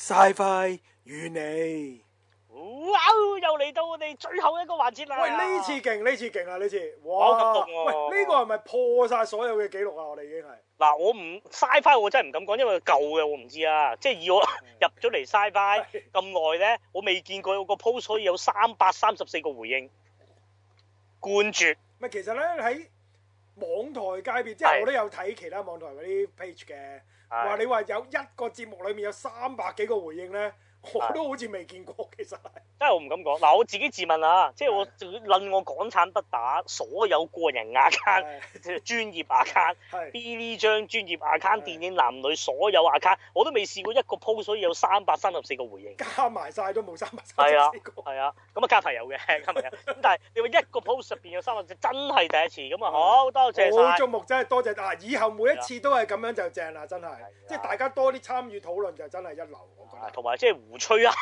晒飛與你，哇！又嚟到我哋最後一個環節啦。喂，呢次勁，呢次勁啊，呢次，哇！咁凍，啊，喂，呢、呢個係咪破晒所有嘅記錄啊？我哋已經係嗱，我唔晒飛，我真係唔敢講，因為舊嘅我唔知啊。即係以我、嗯、入咗嚟晒飛咁耐咧，我未見過可以有個 post 有三百三十四個回應，冠絕。咪其實咧喺網台界邊，即係我都有睇其他網台嗰啲 page 嘅。話你話有一個節目裏面有三百幾個回應呢。我都好似未見過，其實真係我唔敢講嗱，我自己自問啊，即係我論我港產不打所有個人 account 專業 account，B B 張專業 account 電影男女所有 account 我都未試過一個 post 所以有三百三十四個回應，加埋晒都冇三百三十四個回應，係啊，咁啊加朋友嘅 加朋友，咁 但係你話一個 post 入邊有三百，真係第一次咁啊，好多謝曬，好矚目真係多謝嗱，以後每一次都係咁樣就正啦，真係，即係大家多啲參與討論就真係一流，我覺得，同埋即係吹啊！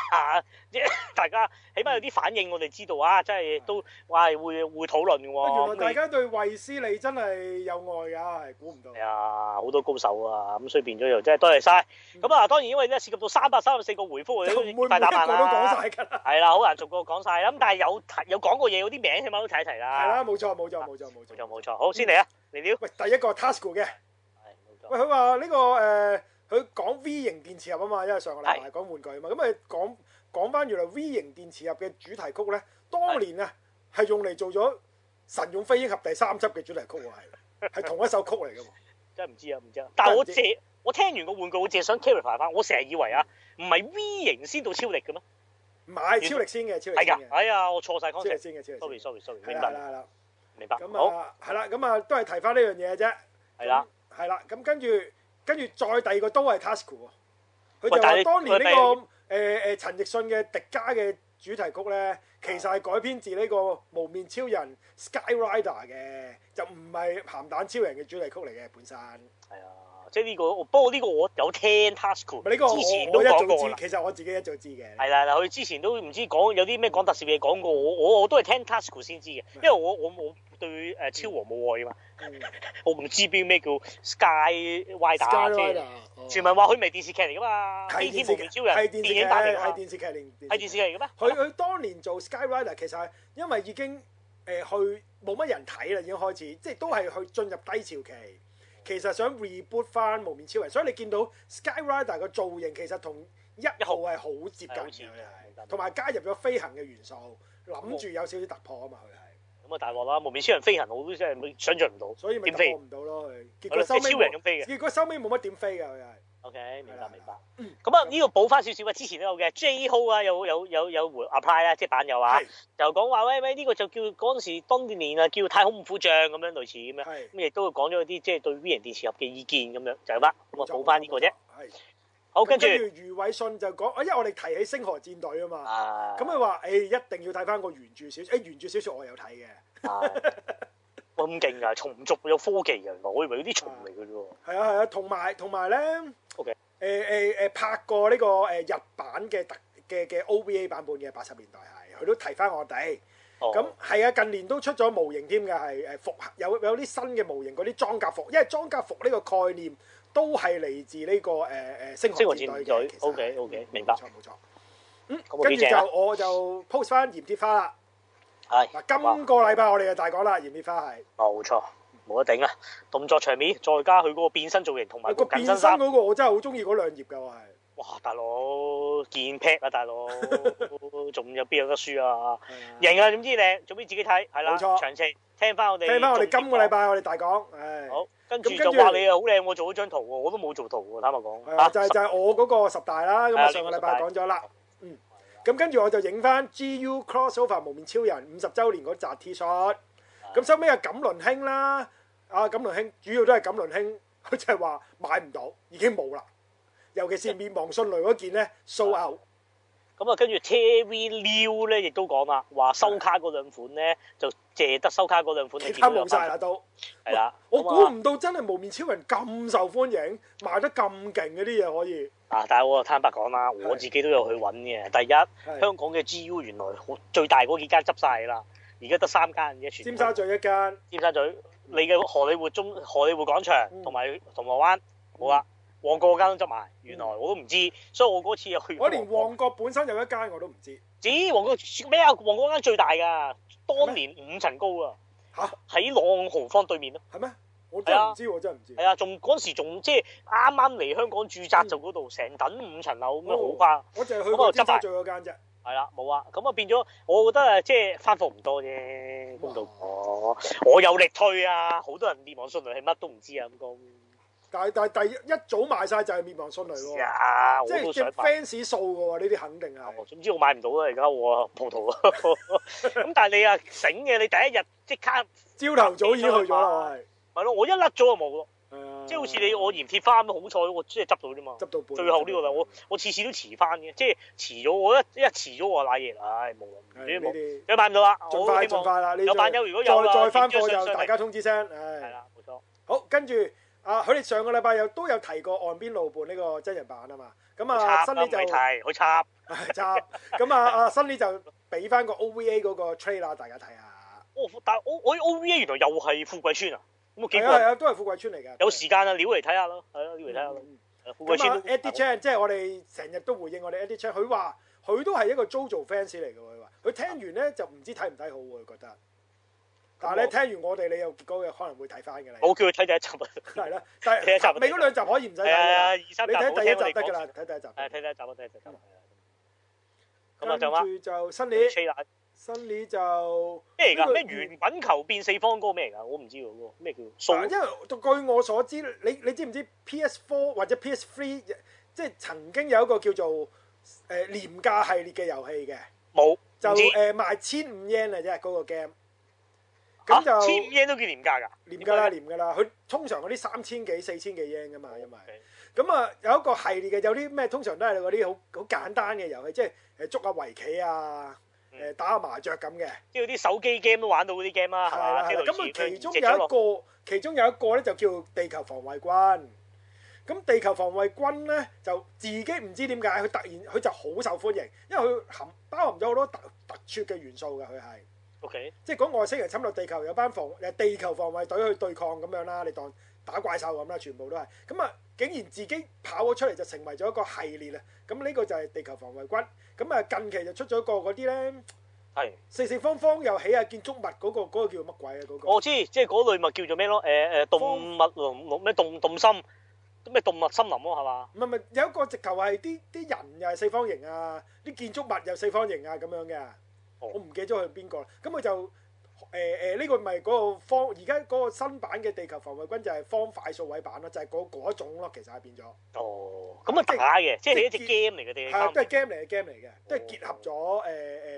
即大家起碼有啲反應，我哋知道啊，真係都話係會會討論，原來大家對衛斯理真係有愛噶，係估唔到。係、哎、啊，好多高手啊，咁所以變咗又真係多謝晒。咁、嗯、啊，當然因為咧涉及到三百三十四個回覆，大答案都講晒噶啦。係啦，好難逐個講晒咁，但係有有講過嘢嗰啲名起碼都睇一齊啦。係啦，冇錯冇錯冇錯冇錯冇錯，好先嚟啊，嚟料。喂，第一個 Tasuku 嘅，係冇錯。喂，佢話呢個誒。呃佢講 V 型電池盒啊嘛，因為上個禮拜講玩具啊嘛，咁咪講講翻原來 V 型電池盒嘅主題曲咧，當年啊係用嚟做咗《神勇飛鷹俠》第三輯嘅主題曲啊，係係同一首曲嚟嘅， 真係唔知啊，唔知啊。但係我借我聽完個玩具，我淨係想 carry 翻翻。我成日以為啊，唔係 V 型先到超力嘅咩？唔係超力先嘅，超力先嘅。係啊、哎，我錯曬 concept sorry，sorry，sorry。明白啦，明白。咁啊，係啦，咁啊都係提翻呢樣嘢啫。係啦，係啦，咁跟住。跟住再第二個都係 Tasuku 佢就話當年呢、這個誒誒、呃、陳奕迅嘅《迪迦》嘅主題曲咧、嗯，其實係改編自呢、這個幪面超人 Sky Rider 嘅，就唔係鹹蛋超人嘅主題曲嚟嘅本身。係啊，即係呢、這個，不過呢個我有聽 Tasuku 唔係呢個我之前我，我一早知。其實我自己一早知嘅。係、嗯、啦，嗱佢之前都唔知講有啲咩講特殊嘢講過，我我我都係聽 Tasuku 先知嘅。因為我我、嗯、我。我對誒超和冇愛嘛，嗯、 我唔知邊咩叫 Sky Rider，即係傳聞話佢唔係電視劇嚟噶嘛，飛天幪面超人係電視劇嚟，係電,電視劇嚟，係電視劇嚟嘅咩？佢佢當年做 Sky Rider 其實因為已經誒去冇乜人睇啦，已經開始即係都係去進入低潮期。 其實想 reboot 翻幪面超人，所以你見到 Sky Rider 個造型其實同一號係好接近嘅，同埋加入咗飛行嘅元素，諗住有少少突破啊嘛，佢係。咁啊大鑊啦！無面超人飛行好，都真係想象唔到，所以點飛過唔到咯。結果收尾冇乜點飛嘅。結果收尾冇乜點飛嘅又係。OK，明白明白。咁、嗯、啊，呢、嗯嗯這個補翻少少啊，之前都有嘅 J 號啊，有有有有回 apply 啊，即係版友啊，就講話喂喂，呢、這個就叫嗰陣時當年啊，叫太空虎將咁樣類似咁、就是、樣。咁亦都講咗啲即係對 V 型電磁盒嘅意見咁樣就係啦。咁啊補翻呢、這個啫。好，跟住余偉信就講，因為我哋提起《星河戰隊》啊嘛，咁佢話，誒一定要睇翻個原著小説，誒原著小説我有睇嘅。哇，咁勁噶，蟲族有科技嘅，原來我以為嗰啲蟲嚟嘅啫。係啊，係啊，同埋同埋咧。OK。誒誒誒，拍過呢個誒日版嘅特嘅嘅 OVA 版本嘅八十年代係，佢都提翻我哋。咁係啊，近年都出咗模型添㗎，係誒復有有啲新嘅模型，嗰啲裝甲服，因為裝甲服呢個概念。都係嚟自呢、這個誒誒星河時代嘅，O K O K，明白，冇錯，嗯，跟住、嗯、就、啊、我就 post 翻閻鐵花啦，係，嗱今個禮拜我哋就大講啦，閻鐵花係，冇錯，冇、嗯、得頂啊，動作場面再加佢嗰個變身造型同埋個變身嗰、那個，我真係好中意嗰兩頁嘅我係。哇！大佬健魄啊，大佬，仲有邊有得輸啊？贏 啊！點知靚，總之自己睇，係啦，冇錯，詳情聽翻我哋，聽翻我哋今個禮拜我哋大講。唉，好，跟住話你又好靚，我做咗張圖，我都冇做圖喎。坦白講，係、啊、就係、是、就係、是、我嗰個十大啦。咁上個禮拜講咗啦。嗯，咁、啊、跟住我就影翻 G.U. crossover 無面超人五十周年嗰集 T 恤、啊。咁收尾係錦綸兄啦，阿錦綸兄主要都係錦綸兄，佢就係、是、話買唔到，已經冇啦。尤其是滅亡迅雷嗰件咧，Sold out 咁啊，跟住 TV Liu 咧，亦都講啦，話收卡嗰兩款咧，就借得收卡嗰兩款，其他冇曬啦都。係、嗯、啦、嗯嗯，我估唔到真係幪面超人咁受歡迎，嗯、賣得咁勁嗰啲嘢可以。啊，但係我坦白講啦，我自己都有去揾嘅。第一，的香港嘅 G U 原來最大嗰幾間執曬啦，而家得三間嘅。尖沙咀一間，尖沙咀、嗯、你嘅荷里活中荷里活廣場同埋、嗯、銅鑼灣，冇啦。嗯。旺角間都執埋，原來我都唔知、嗯，所以我嗰次去王國，我連旺角本身有一間我都唔知。咦，旺角咩啊？旺角間最大㗎，當年五層高啊！嚇，喺朗豪坊對面咯。係咩？我真係唔知喎，真係唔知。係啊，仲嗰陣時仲即係啱啱嚟香港住宅就嗰度，成、嗯、棟五層樓咩好誇、哦。我是那就係去執埋。廣州仲有間啫。係啦，冇啊，咁啊變咗，我覺得啊，即係翻覆唔多啫。咁到我，我有力推啊，好多人面無信慮係乜都唔知啊，陰公。但係但係，第一一早買晒就係滅亡迅雷喎、啊，即係 fans 數嘅喎，呢啲肯定啊、哦。總之我買唔到啦，而家我葡萄咯。咁 但係你啊，醒嘅，你第一日即刻朝頭早，早已經去咗啦。係咪咯？我一甩咗就冇咯、嗯，即係好似你我閻鐵花咁好彩、這個，我即係執到啫嘛。執到最後呢個我我次次都遲翻嘅，即係遲咗我一一遲咗我瀨嘢，唉冇啦，冇、哎。你買唔到啦，盡快盡快啦。有板友如果有啦，再再翻貨就大家通知聲。係啦，冇錯。好，跟住。啊！佢哋上個禮拜又都有提過岸邊露伴呢個真人版啊嘛，咁啊新理就好插，插咁 啊 啊新理就俾翻個 OVA 嗰個 trailer 啦，大家睇下。哦，但 O 我，我 OVA 原來又係富貴村啊，咁啊幾？係啊，都係富貴村嚟嘅。有時間啊，撩嚟睇下咯。係咯，撩嚟睇下咯。富貴村、啊、Eddie Chan 我即係我哋成日都回應我哋 Eddie Chan，佢話佢都係一個 Jojo fans 嚟嘅。佢話佢聽完咧、啊、就唔知睇唔睇好喎，覺得看看。但係你聽完我哋，你有結果嘅可能會睇翻嘅啦。冇叫佢睇第一集啊！係啦，第一集你嗰兩集可以唔使睇啊，你睇第一集得㗎啦，睇第，第，第一集。係睇第一集啊，睇第一集。咁、嗯、啊，就嘛。跟住就 Sunny，Sunny 就咩嚟㗎？咩原品球變四方歌咩嚟㗎？我唔知喎，咩叫？因為據我所知，你你知唔知 P S Four 或者 P S Three 即係曾經有一個叫做誒廉價系列嘅遊戲嘅，冇就誒賣千五 yen 啫嗰個 game。咁就、啊、千五 yen 都幾廉價㗎，廉價啦，廉價啦。佢通常嗰啲三千幾、四千幾 yen 㗎嘛，因為咁啊、okay。有一個系列嘅，有啲咩通常都係嗰啲好好簡單嘅遊戲，即係誒捉下圍棋啊，誒、嗯、打下麻雀咁嘅。即係啲手機 game 都玩到嗰啲 game 啦，係啦。咁佢、這個嗯、其中有一個，其中有一個咧就叫地球防衛軍。咁地球防衛軍咧就自己唔知點解，佢突然佢就好受歡迎，因為佢含包含咗好多突突出嘅元素㗎，佢係。Ok，即係嗰外星人侵略地球，有班防誒地球防衛隊去對抗咁樣啦，你當打怪獸咁啦，全部都係咁啊！竟然自己跑咗出嚟就成為咗一個系列啊！咁呢個就係地球防衛軍。咁啊近期就出咗一個嗰啲咧，係四四方方又起下建築物嗰個嗰個叫乜鬼啊嗰個？我知，即係嗰類物叫做咩咯？誒誒動物農農咩動動森咩動物森林咯係嘛？唔係唔係，有一個直頭係啲啲人又係四方形啊，啲建築物又四方形啊咁樣嘅。我唔記得咗佢係邊個啦，咁佢就誒誒呢個咪嗰個方，而家嗰個新版嘅地球防衛軍就係方塊數位版咯，就係嗰嗰一種咯，其實係變咗。哦，咁啊假嘅，即係一隻 game 嚟嘅。係啊，都係 game 嚟嘅 game 嚟嘅，即係結合咗誒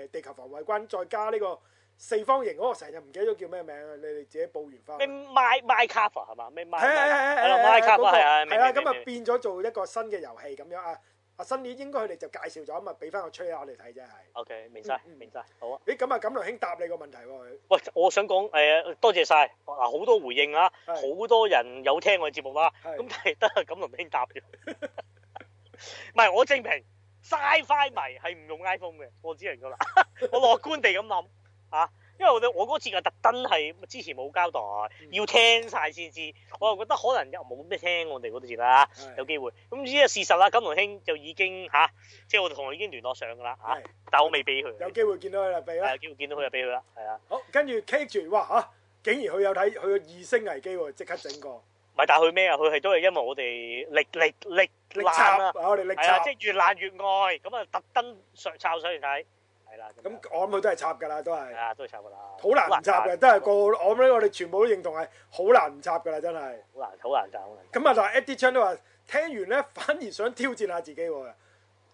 誒地球防衛軍，再加呢個四方形嗰個成日唔記得咗叫咩名啊？你哋自己補完翻。咩 My My Cover 係嘛？咩 My 係係係係 My Cover 係啊，係啊，咁啊變咗做一個新嘅遊戲咁樣啊。啊、新年應該佢哋就介紹咗啊嘛，俾翻我們個吹下我哋睇啫，係、okay。O K，明晒，明晒。好啊。誒咁啊，錦龍兄答你個問題喎。喂，我想講誒、呃，多謝晒，嗱，好多回應啊，好多人有聽我嘅節目啦。咁但係得係錦龍兄答嘅。唔 係，我證明，Sci-Fi 迷係唔用 iPhone 嘅，我只能噶啦。 我樂觀地咁諗，嚇、啊。因為我我嗰次啊特登係之前冇交代，要聽晒先知，我又覺得可能又冇咩聽我哋嗰啲啦，有機會。咁依家事實啦，金龍兄就已經嚇，即、啊、係、就是、我同佢已經聯絡上㗎啦嚇，但係我未俾佢。有機會見到佢就俾啦，有機會見到佢就俾佢啦，係啊。好，跟住 K 柱，哇嚇，竟然佢有睇佢嘅異星危機喎，即刻整個。唔係，但係佢咩啊？佢係都係因為我哋力力力力差啊！我哋力差即係越難越愛，咁啊特登上抄上嚟睇。係啦，咁我諗佢都係插噶啦，都係。係啊，都係插噶啦。好難唔插嘅，都係個我諗我哋全部都認同係好難唔插噶啦，真係。好難，好難插，好難。咁啊，就係 Eddie Chan 都話，聽完咧反而想挑戰下自己嘅。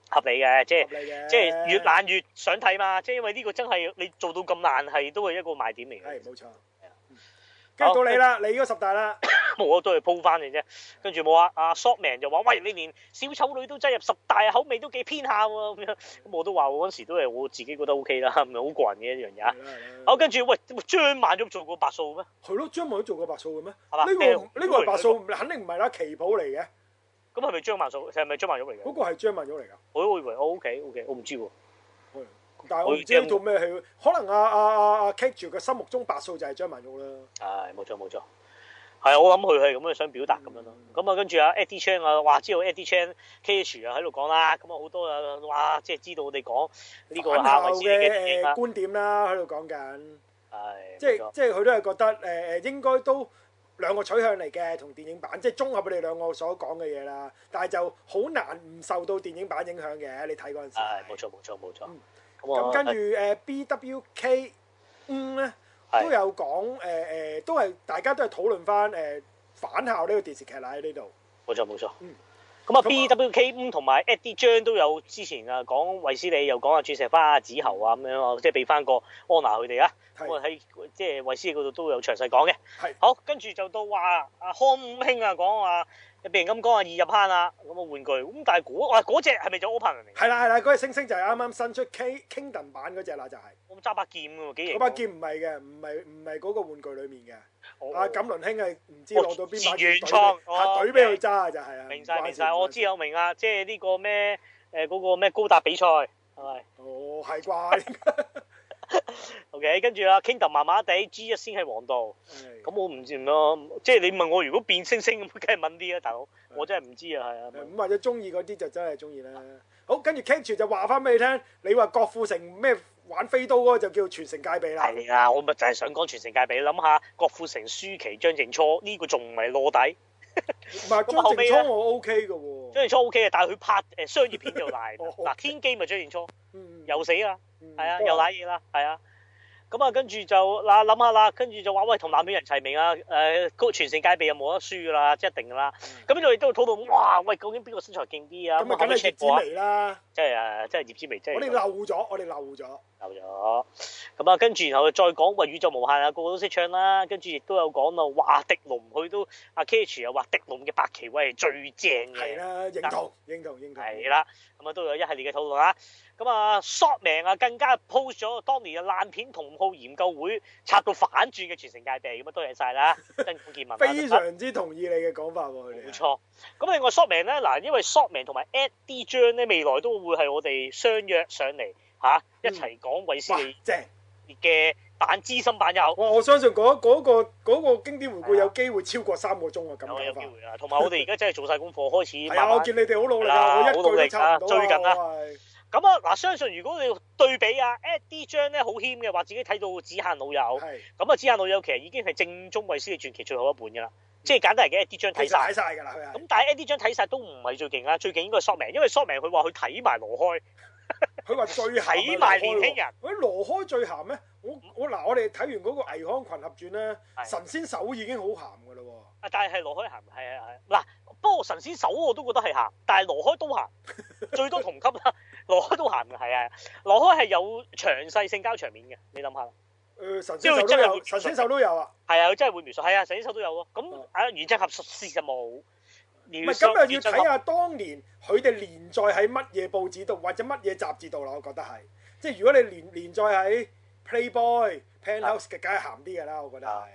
合理嘅，即係。合理嘅。即係越難越想睇嘛，即係因為呢個真係你做到咁難係都係一個賣點嚟嘅。係，冇錯。係啊。跟住，嗯，到你啦，哦，你嗰十大啦。我都係鋪翻嘅啫，跟住冇啊，阿 short man 就話，喂，你連小丑女都擠入十大口味都幾偏下喎咁樣。咁我都話，我嗰時都係我自己覺得 O、OK、K 啦，唔係好過人嘅一樣嘢、啊。好，跟住、哦、喂，張曼玉做過白素咩？係咯，張曼玉做過白素嘅咩？呢、呢個呢、呢個、呢個、白素肯定唔係啦，旗袍嚟嘅。咁係咪張曼玉嚟嘅？係、那、咪、個、張曼玉嚟嘅？嗰個係張曼玉嚟㗎。我以為，O K O K，我唔知喎。但係張做咩？可能阿阿阿阿 Kate 住嘅心目中白素就係張曼玉啦。係、哎，冇錯冇錯。沒錯。係啊，我諗佢係咁樣想表達咁樣咯。咁、嗯、啊，跟住啊，Eddie Chan 啊，哇，知道 Eddie Chan K H 啊喺度講啦。咁啊，好多啊，哇，即、就、係、是、知道我哋講影後嘅誒、啊呃呃呃、觀點啦，喺度講緊。係、哎，即係即係佢都係覺得誒誒、呃，應該都兩個取向嚟嘅，同電影版即係、就是、綜合佢哋兩個所講嘅嘢啦。但係就好難唔受到電影版影響嘅，你睇嗰陣時。係，冇錯冇錯冇錯。咁、嗯嗯、跟住誒 B W K K 咧。嗯啊 BWK，嗯都有講誒誒，都係大家都係討論翻誒反效呢個電視劇啦喺呢度。冇錯冇錯。嗯，咁啊 BWK 同埋 Eddie 張都有之前啊講衛斯理又講啊鑽石花阿子豪啊咁樣咯，即係畀翻個安娜佢哋啊。我喺即係衛斯理嗰度都有詳細講嘅。係。好，跟住就到話阿、啊、康五兄啊講話。你譬如咁講啊，二入坑啦，咁個玩具，咁但係嗰，哇嗰隻係咪就 open 嚟？係啦係啦，嗰隻星星就係啱啱新出 Kingdom 版嗰隻啦，就係。我揸把劍噶喎，竟然。把劍唔係嘅，唔係唔係嗰個玩具裏面嘅。阿錦麟兄係唔知落到邊買住隊，係隊俾佢揸啊，就係啊。明晒明晒，我知我明啊，即係呢個咩誒嗰個咩高達比賽係咪？哦，係啩。 O.K. 跟住啦 Kingdom 麻麻地，G 一、G1、先係王道。咁我唔知咯，即係你問我如果變星星咁，梗係問啲啦，大佬。我真係唔知啊，係啊。咁或者中意嗰啲就真係中意啦。好，跟住 Catch 就話翻俾你聽，你話郭富城咩玩飛刀嗰個就叫全城戒備啦。係啊，我咪就係想講全城戒備。你諗下，郭富城舒、舒淇、張靜初呢個仲唔係臥底？唔咁後屘我 O.K. 噶喎。張建初 O、OK、K 但係佢拍誒商業片就賴。嗱， 天機咪張建初、嗯，又死啦，係、嗯、啊，嗯、又瀨嘢啦，係啊。咁、嗯嗯嗯、啊，跟住就嗱諗下啦，跟住就話喂，同南美人齊名啊。誒、呃，全城戒備又冇得輸啦，即係一定啦。咁就亦都討論，哇，喂，究竟邊個身材勁啲啊？咁啊，梗係葉子媚啦。即係啊，即係葉子媚，即係。我哋漏咗，我哋漏咗。咗，咁啊，跟住然後再講喂、呃，宇宙無限啊，個個都識唱啦。跟住亦都有講啊，哇！迪龍去都阿、啊、K H 又話迪龍嘅白旗威最正嘅，係啦認同，認、嗯、同，認同。係啦，咁、嗯、啊都有一系列嘅討論啊。咁啊，short 名啊 man 更加 post 咗當年嘅爛片同好研究會拆到反轉嘅全城皆地咁啊，多謝晒啦，曾建文。 非常之同意你嘅講法喎。冇、啊、錯。咁、啊、另外 short 名咧嗱，因為 short 名同埋 e t 啲張咧，未來都會係我哋相約上嚟。吓、啊！一齊講衛斯理嘅版、資深版友。哇！我相信嗰、那個、那個那個經典回顧有機會超過三個鐘啊！咁有機會啊！同埋我哋而家真係做晒功課， 開始慢，慢我見你哋好努力我好努力最近啊！追啊！咁啊，嗱，相信如果你對比啊 Andy 張咧好謙嘅，話自己睇到只限老友。係。咁啊，只限老友其實已經係正宗衛斯理傳奇最後一本噶啦，即係簡單嚟講 Andy 張睇晒。睇晒噶啦。咁但係 Andy 張睇晒都唔係最勁啊，最勁應該 shorting 因為 shorting 佢話佢睇埋羅開。佢話最鹹嘅係年輕人，嗰啲羅開最鹹咩？我我嗱，我哋睇完嗰個《倪匡群俠傳》咧，神仙手已經好鹹嘅啦喎。啊，但係係羅開鹹，係係係。嗱、啊，不過神仙手我都覺得係鹹，但係羅開都鹹， 最多同級啦。羅開都鹹嘅，係係。羅開係有詳細性交場面嘅，你諗下、呃。神仙手都有真，神仙手都有啊。係啊，佢真係會描述，係啊，神仙手都有喎。咁啊，啊，原振俠十四就冇。唔係，咁又要睇下當年佢哋連載喺乜嘢報紙度，或者乜嘢雜誌度啦。我覺得係，即係如果你連連載喺 Playboy、Penthouse 嘅，梗係鹹啲㗎啦。我覺得係。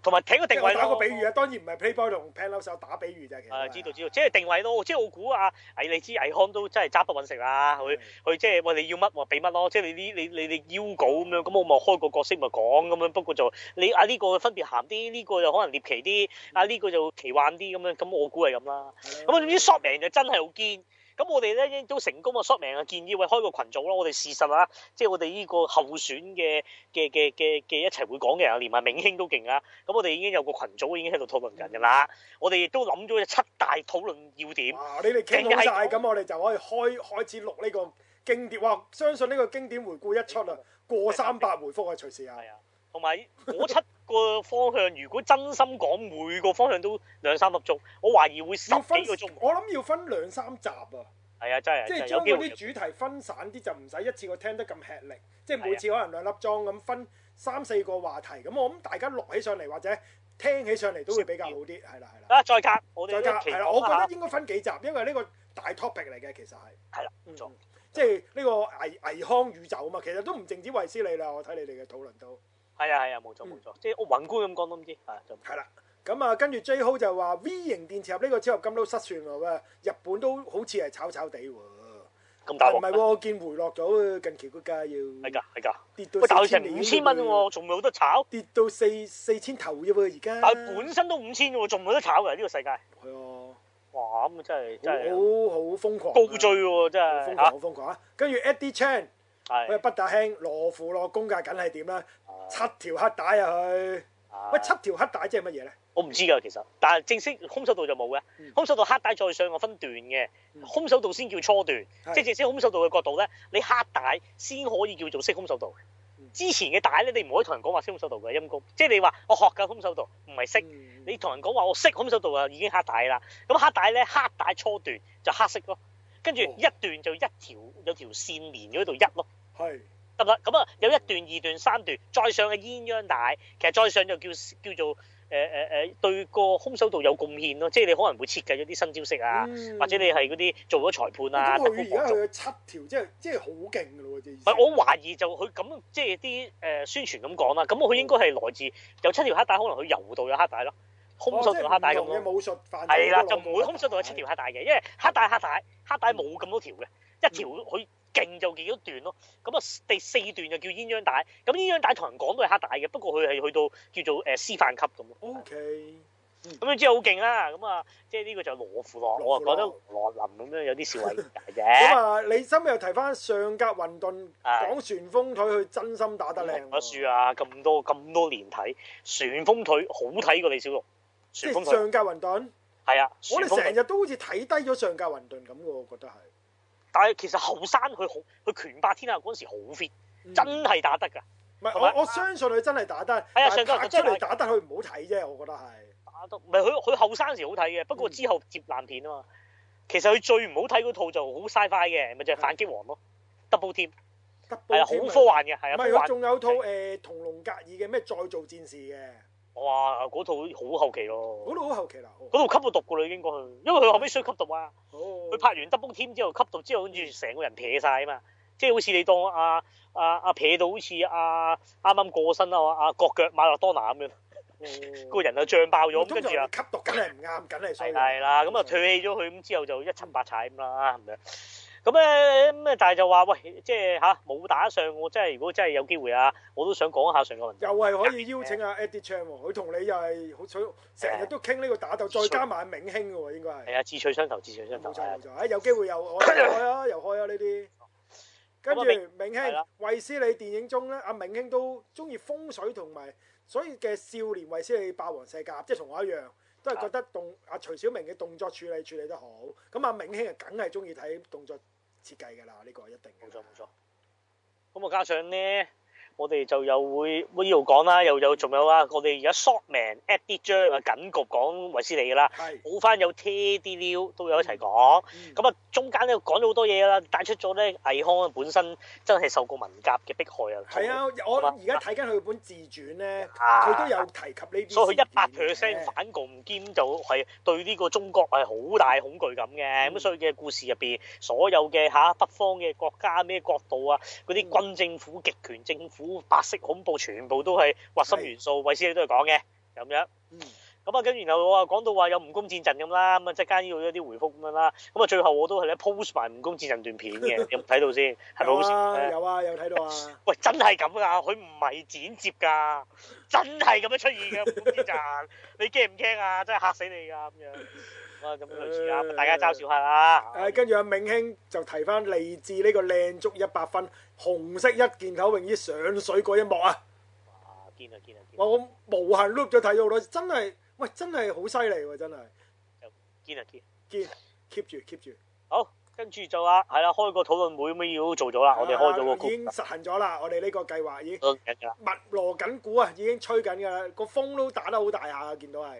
同埋睇個定位，啊、打個比喻啊，當然唔係 PayPal 同 Panasonic 打比喻，其實誒、啊，知道知道，即係定位咯，即係我估啊，你知、艾康都真係揸不穩食啦。佢佢即係喂你要乜話俾乜咯，即係你啲你你你腰稿咁樣，咁我咪開個角色咪講咁樣。不過就你啊呢、呢個分別鹹啲，呢、呢個就可能獵奇啲，啊呢、呢個就奇幻啲咁樣。咁我估係咁啦。咁啊、嗯，點知 shopping 就真係好堅。咁我哋咧都成功啊！short 名啊，建議會開個群組咯。我哋事實啦，即係我哋呢個候選嘅嘅嘅嘅嘅一齊會講嘅人，連埋明興都勁啊。咁我哋已經有個群組，已經喺度討論緊㗎啦。我哋亦都諗咗七大討論要點。哇！你哋傾晒。咁、就是、我哋就可以開開始錄呢個經典。哇！相信呢個經典回顧一出啊，過三百回覆係隨時啊。同埋嗰七個方向， 如果真心講每個方向都兩三粒鐘，我懷疑會十幾個鐘。我諗要分兩三集啊，係啊，真係，即係將嗰啲主題分散啲、啊啊，就唔使一次過聽得咁吃力。啊、即係每次可能兩粒鐘咁分三四個話題咁，啊、我諗大家錄起上嚟或者聽起上嚟都會比較好啲。係啦、啊，係啦、啊。啊，再隔，再隔、啊，係啦、啊。我覺得應該分幾集，因為呢個大 topic 嚟嘅，其實係。係啦、啊。嗯。啊、即係呢個危危康宇宙啊嘛，其實都唔淨止衛斯理啦，我睇你哋嘅討論都。係啊係啊，冇錯冇錯，即係穩官咁講都唔知。係就係啦，咁啊跟住最好就話 V 型電池盒呢個之級金都失算喎，日本都好似係炒炒地喎。咁大唔係喎，哎、我見回落咗，近期股價要係噶係噶，跌到四千蚊，五千蚊啫喎，仲冇得炒。跌到四四千頭啫喎，而家。但係本身都五千喎，仲冇得炒嘅呢、這個世界。係啊。哇，咁啊，啊真係真係好好瘋狂。高追喎，真係。好瘋狂，好瘋狂啊！跟住 Eddie Chan。喂，不打輕羅浮落功架是怎樣，梗係點咧？七條黑帶啊，佢喂七條黑帶即係乜嘢咧？我唔知噶，其實。但係正式空手道就冇嘅、嗯。空手道黑帶再上，我分段嘅、嗯。空手道先叫初段，是即係正式空手道嘅角度咧，你黑帶先可以叫做識空手道。嗯、之前嘅帶咧，你唔可以同人講話識空手道嘅陰功。即係你話我學緊空手道，唔係識。你同人講話我識空手道啊，已經黑帶啦。咁黑帶咧，黑帶初段就黑色咯。跟住一段就一條、哦、有條線連咗喺度一咯。係得唔得？咁啊有一段、嗯、二段、三段，再上嘅鴛鴦帶，其實再上就叫叫做誒誒誒對個空手道有貢獻咯，即係你可能會設計咗啲新招式啊、嗯，或者你係嗰啲做咗裁判啊，特工王中。咁佢而家係七條，即係即係好勁噶咯喎！即係唔係？我懷疑就佢咁即係啲誒宣傳咁講啦，咁、嗯、佢應該係來自有七條黑帶，可能佢柔道有黑帶咯，空手道有黑帶咁咯。我、哦、武術範疇係啦，就唔會空手道有七條黑帶嘅，因為黑帶黑帶、嗯、黑帶冇咁多條嘅，一條佢。嗯勁就幾多段咯，咁啊第四段就叫鴛鴦帶，咁鴛鴦帶同人講都係黑帶嘅，不過佢係去到叫做誒、呃、師範級咁咯。OK，咁你知好勁啦，咁啊即係呢個就羅富樂，我啊覺得羅林咁樣有啲小偉大嘅。咁 啊，你今日又提翻尚格雲頓講旋風腿，去真心打得靚啊！我輸啊咁多咁多年睇旋風腿好睇過李小龍，即係尚格雲頓。係啊，我哋成日都好似睇低咗尚格雲頓咁喎，我覺得係。但係其實後生佢好，佢拳霸天下嗰時好 fit，真係打得噶。唔、嗯、係，我我相信佢真係打得。係啊，上週出嚟打得佢唔好睇啫，我覺得係。啊、打得唔係佢佢後生時好睇嘅，不過之後接爛片啊嘛、嗯。其實佢最唔好睇嗰套就好 sci-fi 嘅，咪就係、是、反擊王咯。double team，double team 好科幻嘅，係啊。唔係仲有套誒、啊，同龍格爾嘅咩再造戰士嘅。哇！嗰套好後期咯，嗰套好後期啦，嗰套吸毒噶啦已經過去，因為佢後尾需要吸毒啊。佢、嗯嗯嗯、拍完 Double Team 之後吸毒之後，跟住成個人撇晒啊嘛，即係好似你當阿阿阿撇到好似阿啱啱過身啊嘛，阿、啊、國腳馬勒多拿咁樣，嗰、嗯、 個人就脹爆咗咁，跟住啊吸毒梗係唔啱，梗係所以啦咁啊退戲咗佢咁之後就一塵不踩咁啦咁樣。咁咧咁啊！就話喂，即係嚇冇打上我。真係如果真係有機會啊，我都想講一下上個問題。又係可以邀請阿 Eddie Chan 喎、啊，佢同你又係好彩，成日都傾呢個打鬥，再加埋阿明興嘅喎，應該係。係啊，志趣相投，志趣相投。冇錯冇錯，喺、啊、有機會又， 又開啊，又開啊呢啲。跟住、啊啊、明興，衛斯理電影中咧，阿明興都中意風水同埋，所以嘅少年衛斯理霸王卸甲，即係同我一樣，都係覺得動阿徐小明嘅動作處理處理得好。咁阿明興啊，梗係中意睇動作。設計㗎啦，呢個一定冇錯，冇錯。咁啊，我加上呢。我哋就又會呢度講啦，又有仲有啦。我哋而家 short m add n 啲將啊，緊局講衛斯理噶啦，好翻有貼啲料都有一齊講。咁、嗯、啊，嗯、中間咧講咗好多嘢啦，帶出咗咧倪匡本身真係受過文革嘅迫害啊！係啊，我諗而家睇緊佢本自傳咧，佢、啊、都有提及呢啲，所以佢一百 percent 反共兼就係對呢個中國係好大恐懼感嘅。咁、嗯、所以嘅故事入邊，所有嘅嚇、啊、北方嘅國家咩國度啊，嗰啲軍政府、嗯、極權政府。好白色恐怖，全部都係核心元素，衛斯你都係講嘅咁樣。咁、嗯、啊，跟住然後我啊講到話有蜈蚣戰陣咁啦，咁啊即係間要一啲回覆咁樣啦。咁啊最後我都係咧 post 埋蜈蚣戰陣段片嘅， 有冇睇到先？係咪好先？有啊，有睇到啊。喂，真係咁噶，佢唔係剪接噶，真係咁樣的出現嘅蜈蚣戰陣。 你驚唔驚啊？真係嚇死你噶咁樣。咁、呃、大家嘲笑下、嗯、啊！誒，跟住阿銘興就提返勵志呢個靚足一百分，紅色一件頭泳衣上水嗰一幕啊！見啊見啊！我無限 look 咗睇咗好多，真係喂，真係好犀利喎！真係。見啊見！見，keep 住 keep 住。好，跟住做啊，係啦，開個討論會乜嘢都做咗啦、啊，我哋開咗個股。已經實行咗啦，我哋呢個計劃已經。嗯。密、嗯嗯、鑼緊鼓啊，已經吹緊㗎啦，個風都打得好大下、啊，見到係。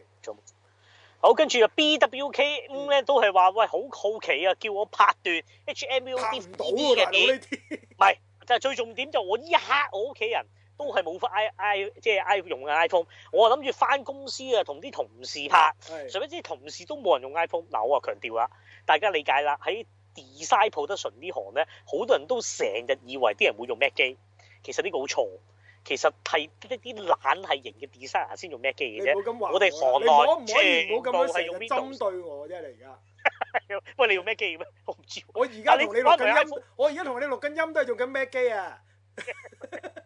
好，跟住啊，BWK 咧都係話喂，好好奇啊，叫我拍段。H M U 拍唔到啊，呢啲唔係，就最重點就我一刻，我屋企人都係冇 I I 即係 i 用嘅 iPhone，我啊諗住翻公司啊，同啲同事拍，誰不啲同事都冇人用 iPhone。嗱，我啊強調啊，大家理解啦，喺 design production 呢行咧，好多人都成日以為啲人會用 Mac 機，其實呢個好錯。其實係一啲懶係型嘅 designer 先用 Mac 機嘅啫。你唔好咁話我。你可唔可以唔好咁樣成日針對我啫？你而家喂，你用咩機咩？我唔知。我而家同你錄緊音，我而家同你錄緊音，音都係用緊 Mac 機啊。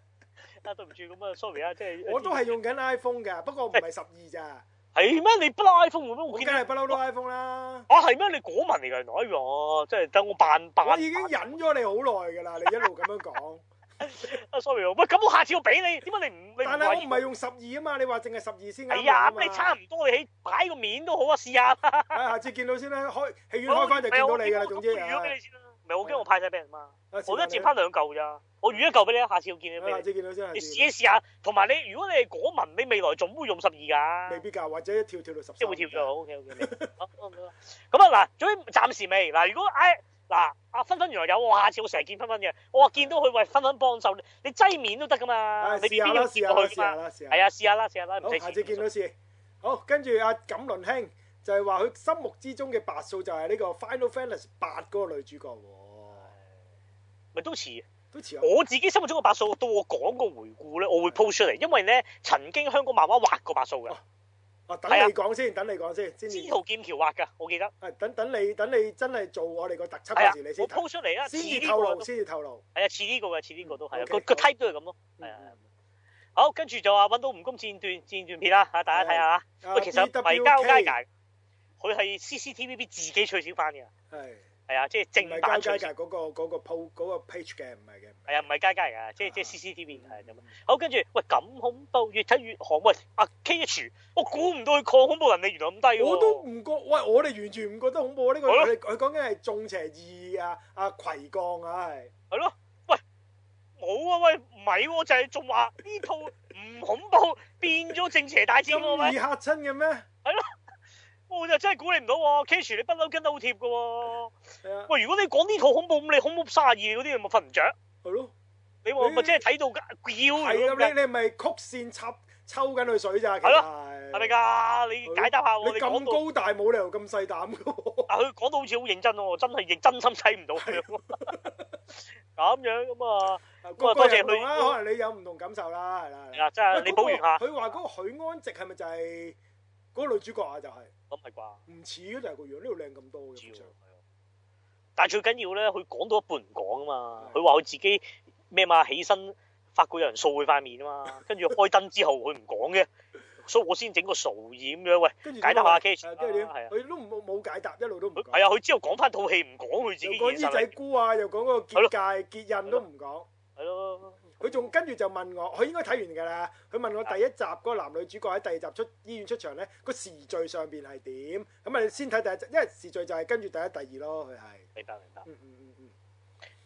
啊，對唔住咁啊，sorry 啊，即係。我都係用緊 iPhone 嘅，不過唔係十二咋。係咩？你不 iPhone 我都冇見。我梗係不嬲都 iPhone 啦。啊，係咩？你果民嚟㗎，原、啊、來，即係等我扮扮。我已經忍咗你好耐㗎啦，你一路咁樣講。 啊、sorry 喂，咁我下次要俾你，點解你唔？但係我唔係用十二啊嘛，你話淨係十二先。哎呀，你差唔多你擺個面都好啊，試下、哎。下次見到先啦，開戲院開翻就見到你啦，知、哎、之，我預咗俾你先啦，唔係、哎、我驚我派晒俾人嘛。我都接翻兩嚿咋，我預一嚿俾你啊，下次我見到你。下次見到先。到你試一試下，同埋你如果你係廣文，你未來總會用十二噶。未必噶，或者一跳跳到十。即係會跳嘅、啊、，OK OK、 啊。咁啊嗱，總之暫時未嗱，如果嗱、啊，阿芬芬原來有，我下次我成日見芬芬嘅，我話見到佢，喂，芬芬幫手，你擠面都得噶嘛，你邊度試過佢噶嘛？係啊，試下啦，試下啦，好，下次見到試。好，跟住阿錦倫兄就係話佢心目之中嘅白素就係呢、這個 Final Fantasy 八嗰個女主角，咪都似，都似啊！我自己心目中嘅白素到我講個回顧咧，我會 post 出嚟，因為咧曾經香港漫畫畫過白素噶。啊哦、啊，等你講先，啊先，等你講先，先。紫袍劍橋畫噶，我記得。係，等等你，等你真係做我哋個特輯嗰陣時、啊、你先。我 po 出嚟啦、這個。先要透露，先要透露。係啊，似呢個嘅，似呢個都係、嗯啊 okay。個個 type、okay。都係咁咯。係啊、嗯，好，跟住就話揾到吳公戰斷戰斷片啦，嚇大家睇下喂，其實迷交皆解，佢係 CCTVB 自己取消翻嘅。係。係啊，即係正版嘅，唔係街街嘅嗰個嗰、嗰個鋪個 page 嘅，唔係嘅。係啊，唔係街街嚟噶，即係即係 CCTV 係咁啊。好，跟住喂，咁恐怖，越睇越寒。喂，阿 K H，我估唔到佢抗恐怖能力原來咁低嘅、啊。我都唔覺，喂，我哋完全唔覺得恐怖、呢個，係啊！呢個佢佢講緊係眾邪二啊，阿葵降啊係。係咯，喂，冇啊，喂，唔係、啊啊，就係仲話呢套唔恐怖，變咗正邪大戰嚇親嘅咩？ 我就真係估你唔到喎，Cash 你不嬲跟得好貼嘅喎、係啊。喂，如果你講呢套恐怖咁，你恐怖卅二嗰啲人咪瞓唔着？係咯。你咪即係睇到叫？係咁，你你咪曲線插抽緊佢水咋？係咯。係咪㗎？你解答下我。你咁高大冇理由咁細膽嘅。佢講到好似好認真喎，真係認真心睇唔到佢。咁 樣咁啊、嗯那個嗯。多謝佢。可能你有唔同感受啦，係啦。嗱，即係你補完下、那個。佢話嗰個許安迪係咪就係嗰個女主角啊？就係、是。咁係啩？唔似咯，就係個樣都要靚咁多嘅。但係最緊要咧，佢講到一半唔講啊嘛。佢話佢自己咩嘛？起身發覺有人掃佢塊面啊嘛。跟 住開燈之後，佢唔講嘅，所以我先整個傻嘢咁樣喂，跟住解答下 case 啊。係啊，佢都冇冇解答，一路都唔講。係啊，佢之後講翻套戲唔講佢自己嘢。又講仔姑啊，又講個結界結印都唔講。係咯。佢仲跟住就問我，佢應該睇完㗎啦。佢問我第一集個男女主角喺第二集出醫院出場咧，個時序上邊係點？咁啊，先睇第一集，因為時序就係跟住第一、第二咯。佢係明白，明白。嗯嗯嗯嗯。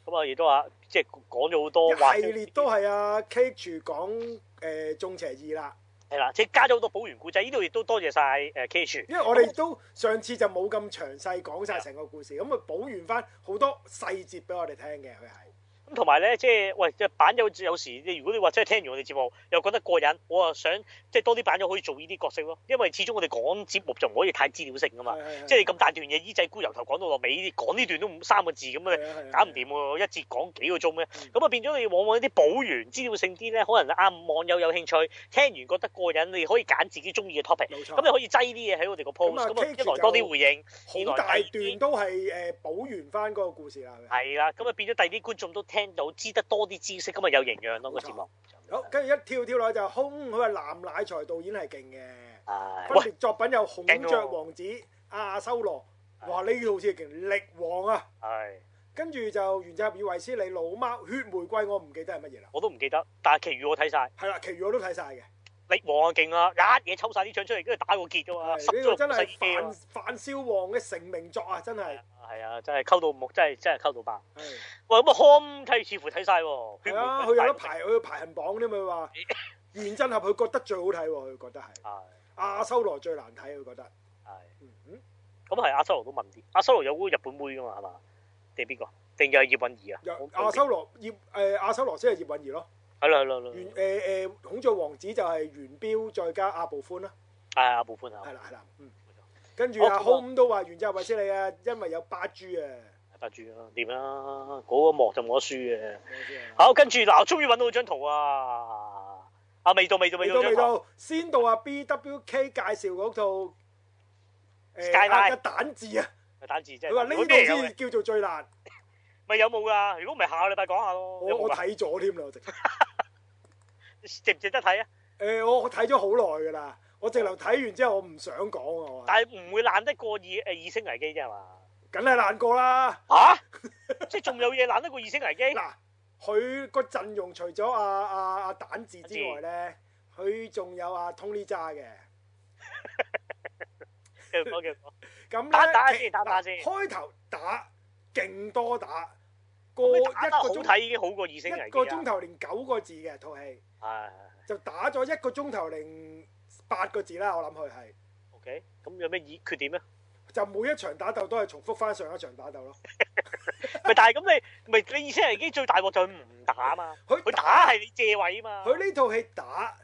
咁啊，亦都話即係講咗好多系列都係啊，K H 講誒《眾、呃、邪二》啦，係、就、啦、是，即係加咗好多補完故仔。呢度亦都多謝曬誒 K H，因為我哋都上次就冇咁詳細講晒成個故事，咁啊補完翻好多細節俾我哋聽嘅，佢係。同埋咧，即係喂，即係版友有時，如果你話真係聽完我哋節目又覺得過癮，我啊想即係多啲版友可以做呢啲角色咯，因為始終我哋講節目就唔可以太資料性噶嘛，是是是是即係你咁大段嘢，依濟孤由頭講到落尾，講呢段都三個字咁樣，是是是是搞唔掂喎，是是是是一節講幾個鐘咩？咁啊變咗你往往一啲補完資料性啲咧，可能啱、啊、網友有興趣，聽完覺得過癮，你可以揀自己中意嘅 topic，咁你可以擠啲嘢喺我哋個 post，咁一來多啲回應，好大段都係誒補完翻嗰個故事啦，係啦、啊，咁啊變咗第二啲觀眾都聽。聽到知得多啲知識，咁咪有營養咯個節目。好，跟住一跳跳落去就空，佢話藍乃才導演係勁嘅，跟住作品有孔雀王子、阿、啊、修羅，哇呢套先勁力王啊，係，跟住就《原則二》衛斯理老貓、血玫瑰，我唔記得係乜嘢啦。我都唔記得，但係其餘我睇晒。係啦，其餘我都睇晒嘅。力王啊，啊，勁啦！一嘢抽晒啲槍出嚟，跟住打個結噶嘛，呢個真係樊少皇嘅成名作啊！真係。啊，真係溝到木，真係真係溝到爆。喂，咁阿康睇似乎睇晒喎。啊，佢有一排佢嘅排行榜啫嘛。佢話 原振俠佢覺得最好睇喎，啊，佢覺得係。阿修羅最難睇，啊，佢覺得。係。嗯咁係阿修羅都問啲，阿修羅有個日本妹噶嘛？係嘛？定邊個？定就係葉蘊儀啊？阿修羅葉阿修羅先係葉蘊儀咯。係咯，係咯，原誒誒孔雀王子就係元彪再加阿布寬啦。係、啊、阿布寬啊。係啦，係啦。嗯。跟住阿、哦、Home 都話，然之後為先你啊，因為有八 G 啊。八 G 啊，掂啦，嗰、那個幕就我輸嘅、啊。好，跟住嗱，終於揾到嗰張圖啊！啊，未到，未到，未到，未到。未到未到先到阿 BWK 介紹嗰套誒阿嘅蛋字啊。蛋字啫。佢話呢度先叫做最難。咪有冇噶？如果唔係，下個禮拜講下咯。我我睇咗添啦，我直。值唔值得睇啊？誒、呃，我睇咗好耐噶啦，我直頭睇完之後，我唔想講啊！但係唔會爛得過異誒異星危機啫係嘛？梗係爛過啦、啊！嚇 即係仲有嘢爛得過異星危機？嗱，佢個陣容除咗阿阿阿蛋字之外咧，佢仲有阿 Tony 渣嘅。講咁 打打先，打打先。開頭打勁多打。一個鐘睇已經好過二星人，一個鐘頭零九個字嘅套戲，就打咗一個鐘頭零八個字啦。我諗佢係，OK，咁有咩二缺點咧？就每一場打鬥都係重複翻上一場打鬥咯。咪 但係是咁你咪 你二星人已經最大鑊就唔打嘛？佢佢打係你借位啊嘛？佢呢套戲打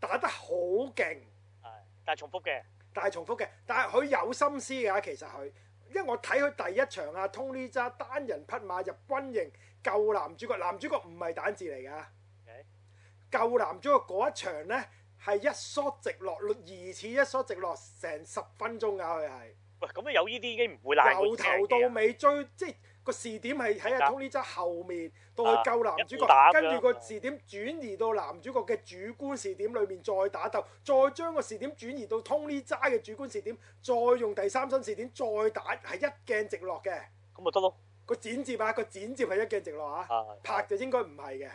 打得好勁、哎，但係重複嘅，但係重複嘅，但係佢有心思噶，其實佢。因為我睇佢第一場啊，Tony 揸單人匹馬入軍營救男主角，男主角唔係蛋字嚟㗎。Okay. 救男主角嗰一場呢，係一縮直落，疑似一縮直落成十分鐘㗎，佢係。喂，咁樣有呢啲已經唔會賴、啊、由頭到尾追即個視點係喺阿 Tony 渣後面到去救男主角，啊、跟住個視點轉移到男主角嘅主觀視點裏面，再打鬥，嗯、再將個視點轉移到 Tony 渣嘅主觀視點，再用第三身視點再打，係一鏡直落嘅。咁咪得咯。個剪接啊，個剪接係一鏡直落啊，啊拍就應該唔係嘅。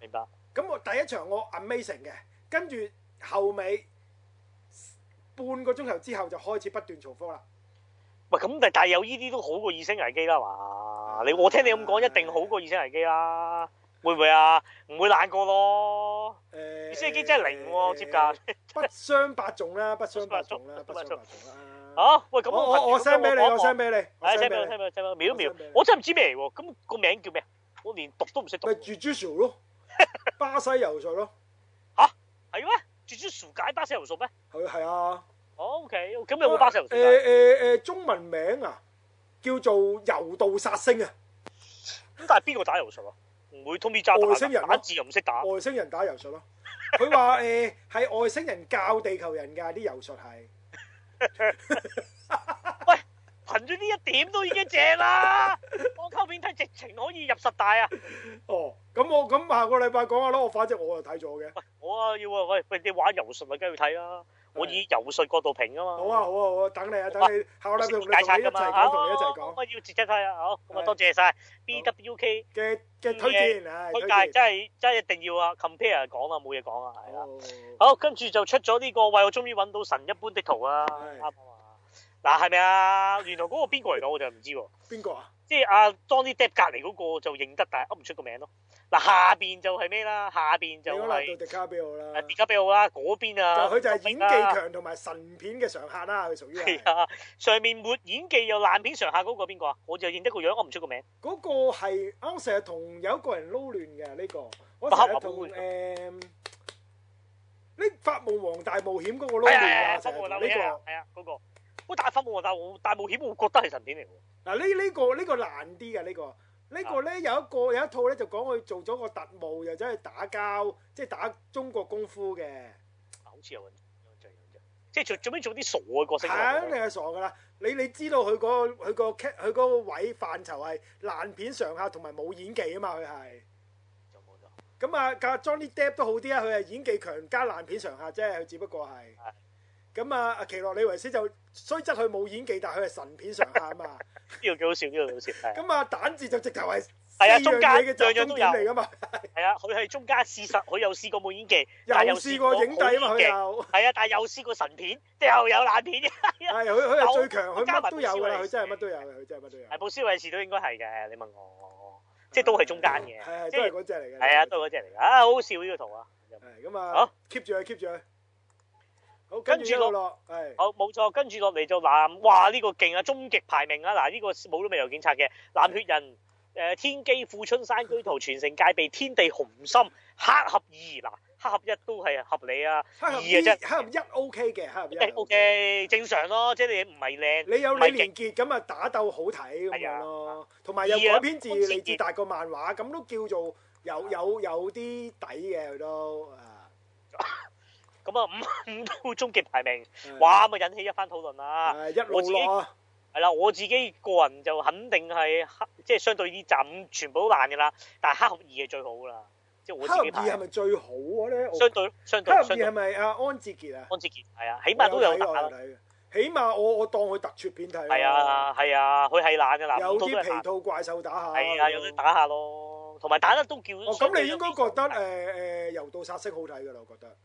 明白。咁我第一場我 amazing 嘅，跟住後尾半個鐘頭之後就開始不斷重複啦。喂，咁但但有依啲都好過異星危機啦嘛？你我聽你咁講，一定好過異星危機啦，會唔會啊？唔會難過咯。異星危機真係零喎、啊，接近、欸欸啊。不相伯仲啦，不相伯仲啦，不相伯仲啦。啊？喂，咁我我我 send 俾你，我 send 俾你，我 send 俾你，send 俾你，send 俾你，你，你，你。秒都秒，我真唔知咩嚟喎？咁個名叫咩？我連讀都唔識讀。Jiu-Jitsu 咯，巴西柔術咯。吓、 啊？係咩 Jiu-Jitsu 解巴西柔術咩？佢係啊。O K，咁有冇巴星人？誒誒誒，中文名啊，叫做柔道殺星啊。咁 但係邊個打柔術啊？唔會通 o n y 外星人，一字又唔識打。外星人打柔術咯，啊。佢話誒係外星人教地球人噶啲柔術係。 喂，憑住呢一點都已經正啦。 我溝片睇，直情可以入十大啊！ 哦，咁我咁下個禮拜講下咯。我反正我又睇咗嘅。喂，我啊要啊，喂，你玩柔術咪梗係要睇啦，啊。我以游說角度評㗎嘛，好啊好啊好啊，等你啊,啊等你一，後晚我哋解拆㗎嘛，你啊同、啊、我謝謝你 BWK, 一齊講，咁要節制下啊，好，咁啊多謝晒 BWK 嘅嘅推薦推介，真係真係一定要啊 Compare 講啊，冇嘢講啊，係啊。好，跟住就出咗呢、呢個，喂，我終於揾到神一般的圖是不是是的 啊，嗱係咪啊？原來嗰個邊個嚟㗎？我就唔知喎。邊個啊？即 係啊，Donny Depp 隔離嗰個就認得，但係噏唔出個名咯。嗱下邊就係咩啦？下邊就係、是、你講迪卡比奧啦，迪卡比奧啦，嗰邊啊！就佢就係演技強同埋神片嘅常客啦，佢屬於係啊！上面沒演技又爛片常客嗰個邊個啊？我就認得個樣，我唔出個名。嗰、那個係啱成日同有個人撈亂嘅呢、這個，我係呢、欸啊啊這個《法務王大冒險》嗰個撈亂啊！成日呢個係啊嗰、那個，喂！但係《法務王大冒大冒險》我覺得係神片嚟嘅。嗱呢呢個呢、這個這個難啲嘅呢個。呢個咧有一個有一套咧，就講佢做咗個特務，又走去打交，即係打中國功夫嘅。啊，好似又揾，即係即係，即係。即係做做咩做啲傻嘅角色。係，你係傻噶啦！你你知道佢嗰佢個佢嗰位範疇係爛片上下同埋冇演技啊嘛，佢係。就冇咗。咁啊，Johnny Depp 都好啲啊！佢係演技強加爛片上下啫，佢只不過係。係。咁啊，阿奇洛李維斯就。雖則佢冇演技，但係佢係神片上下啊嘛！呢 個幾好笑，呢、呢個幾好笑。咁啊，蛋字就直頭係啊，中間嘅，樣樣都有嚟啊嘛！係 啊，佢係中間，事實佢又試過冇演技，又試過影帝啊嘛！佢有係啊，但係又試過神片，又有爛片。係佢、啊，佢係最強。佢 加埋都有維士，佢真係乜都有。佢真係乜都有。布斯維士都應該係嘅，你問我，即係、啊即係、都係中間嘅。係係、啊即係，都係嗰隻嚟嘅。係啊，都係嗰隻嚟㗎。啊，好笑呢、呢個圖啊！咁啊，啊，啊，keep 住，keep 住佢。佢。跟住落，好冇錯，跟住落嚟就南哇呢、這個勁啊，終極排名啊，嗱呢、這個冇咗未來警察嘅藍血人，誒、呃、天機富春山居圖全城戒備天地雄心黑合二，嗱黑合一都係合理啊，黑合一二嘅啫，黑合一 OK 嘅黑合一 o、OK、k、OK OK OK, 正常咯，即係你唔係靚，你有李連杰咁啊打鬥好睇咁樣咯，同、哎、埋有改編自李自達個漫畫，咁、啊、都叫做有有有啲底嘅都啊。 咁啊，五五部終極排名，哇！咪引起一番討論啦！我自己啦，我自己個人就肯定係黑，即係相對於枕全部都爛嘅啦。但係黑二係最好噶啦，即係我自己排。黑二係咪最好咧？相對相對相對，係咪阿安志傑啊？安志傑係啊，起碼都有特點睇嘅。起碼我我當佢突出片睇。係啊係啊，佢係爛嘅啦。有啲皮套怪獸打下。係啊，有啲打下咯，同埋打得都叫。哦，咁你應該覺得誒誒《柔道、呃、殺色》好睇㗎啦，我覺得。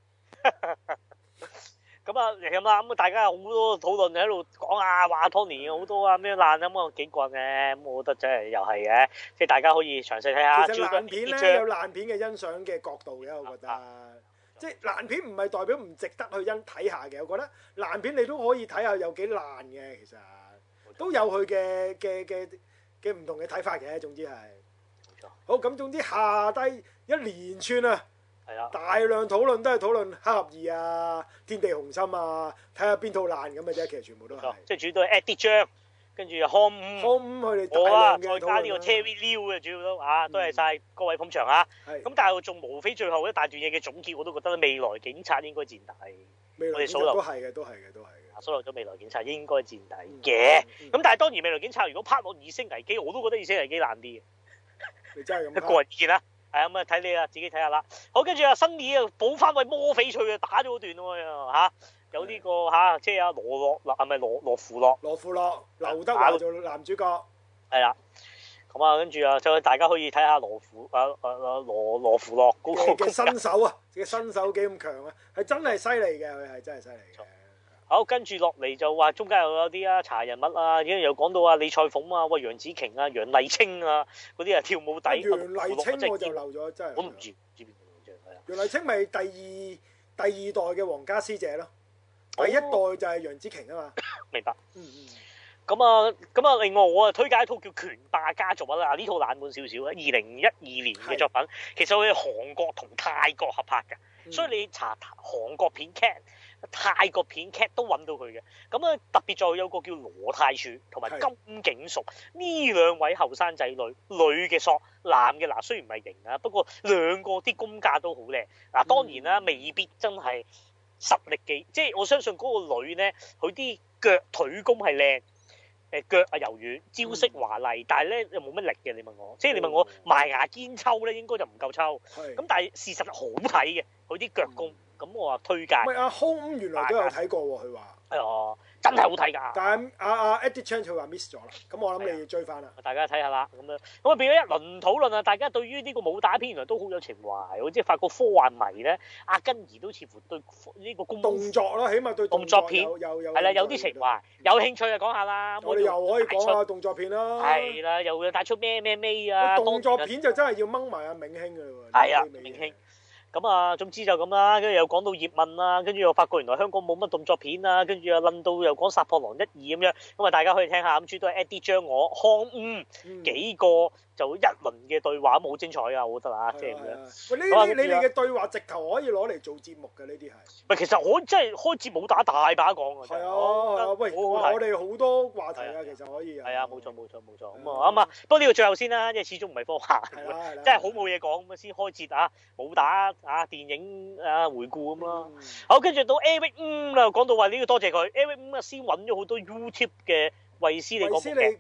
咁啊，咁啦，咁啊，大家好多討論喺度講啊，話 Tony 好多啊，咩爛啊，咁啊幾棍嘅，咁我覺得真係，又係嘅。即係大家可以詳細睇下。其實爛片咧有爛片嘅欣賞嘅角度嘅，我覺得，即係爛片唔係代表唔值得去欣睇下嘅。我覺得爛片你都可以睇下有幾爛嘅，其實都有佢嘅嘅嘅嘅唔同嘅睇法嘅。總之係，好咁，總之下低一連串啊。大量討論都係討論《黑俠二》啊，《天地雄心》啊，睇下邊套爛咁嘅啫。其實全部都係，即係主要係 add 啲章，跟住又康五，康五佢哋我啊，再加呢個 Terry Liu 嘅，主要都啊，都係晒各位捧場啊。咁但係我仲無非最後一大段嘢嘅總結，我都覺得未來警察應該墊底。未來是我哋數落都係嘅，都係嘅，都係嘅。數落咗未來警察應該墊底嘅。咁、嗯嗯、但係當然未來警察如果拍落《異星危機》，我都覺得《異星危機》爛啲。你真係咁個人意係咁啊，睇你啦，自己睇下啦。好，跟住阿 Sunny 啊，補翻位魔翡翠啊，打咗嗰段喎有呢個嚇，即係阿羅洛嗱，係咪羅羅芙洛？羅芙洛，劉德華做男主角。係啦，咁啊，跟住啊，再大家可以睇下羅虎，啊啊羅羅芙洛個嘅新手啊，嘅新手幾咁強啊，係真係犀利嘅，佢係真係犀利。好，跟住落嚟就話中間又有啲啊查人物啊，跟住又講到啊李賽鳳啊，喂楊紫瓊啊、楊麗清啊嗰啲啊跳舞底。楊麗清我就漏咗，真係。我唔知知邊個形象係啊。楊麗清咪第二第二代嘅皇家師姐咯，第一代就係楊紫瓊啊嘛。明白。嗯嗯。咁啊咁啊，另外我啊推介一套叫《拳霸》家族啊，呢套冷門少少啊，二零一二年嘅作品，是其實係韓國同泰國合拍嘅，嗯，所以你查韓國片 can 泰國片劇都揾到佢嘅，咁啊特別再有一個叫羅泰柱同埋金景淑呢兩位後生仔女，女嘅索，男嘅嗱雖然唔係型啊，不過兩個啲功架都好靚。嗱、啊、當然啦、嗯，未必真係實力嘅，即係我相信嗰個女咧，佢啲腳腿功係靚，誒腳啊柔軟，招式華麗，嗯、但係咧又冇乜力嘅。你問我，即係你問我埋、哦、牙堅抽咧，應該就唔夠抽。咁但係事實好睇嘅，佢啲腳功。嗯咁我話推介，喂，阿、啊、Home 原來都有睇過喎，佢話，哦、哎，真係好睇㗎、啊。但阿阿 Eddie Chan 佢話 miss 咗啦，咁、啊啊、我諗你要追翻啦。大家睇下啦，咁我咁啊變咗一輪討論啊，大家對於呢個武打片原來都好有情懷，即係發覺科幻迷咧，阿根兒都似乎對呢個功夫動作咯，起碼對動作片動作有係啦，有啲情懷，有興趣就講下啦。我哋又可以講下動作片啦，係啦，又要帶出咩咩咩啊？動作片、啊、就真係要掹埋阿明興㗎喎。係啊，明興。咁啊，總之就咁啦，跟住又講到葉問啦，跟住又發覺原來香港冇乜動作片啊，跟住又諗到又講殺破狼一二咁樣，咁啊大家可以聽下，咁最多 a d 啲將我康唔、嗯、幾個就一輪嘅對話冇精彩噶，我覺得啊，即係咁樣。喂，呢啲你哋嘅對話直頭可以攞嚟做節目嘅，呢啲係。唔其實我真係開節冇打大把講㗎。係啊，喂，我哋好多話題嘅，其實可以。係啊，冇錯冇錯冇錯。咁啊啱啊，不過呢個最後先啦、啊嗯啊，因為始終唔係科幻，真係好冇嘢講咁啊。先開節啊，武打啊，電影啊，回顧咁咯。好，跟住到 AWM 啦，講到話呢要多謝佢 AWM 啊，先揾咗好多 YouTube 嘅維斯你嗰